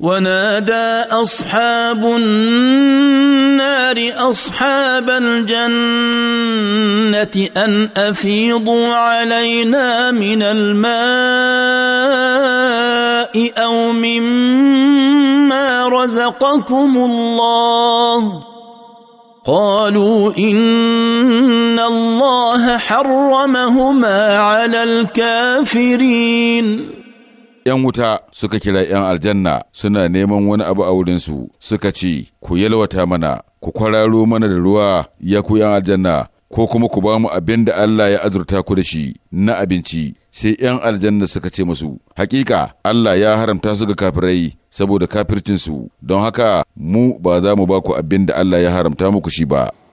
ونادى اصحاب النار اصحاب الجنه ان افيضوا علينا من الماء او مما رزقكم الله قالوا ان الله حرمهما على الكافرين ’yan wuta suka kira ’yan aljanna suna neman wani abu a wurinsu suka ce, Ku yalwata mana, ku kwararo mana da ruwa ya ku ’yan aljanna, ko kuma ku ba mu abin da Allah ya azurta ku da shi na abinci. Sai ’yan aljanna suka ce musu, Hakika Allah ya haramta su ga kafirai saboda kafircinsu, don haka mu ba za mu ba ku abin da Allah ya haramta muku shi ba.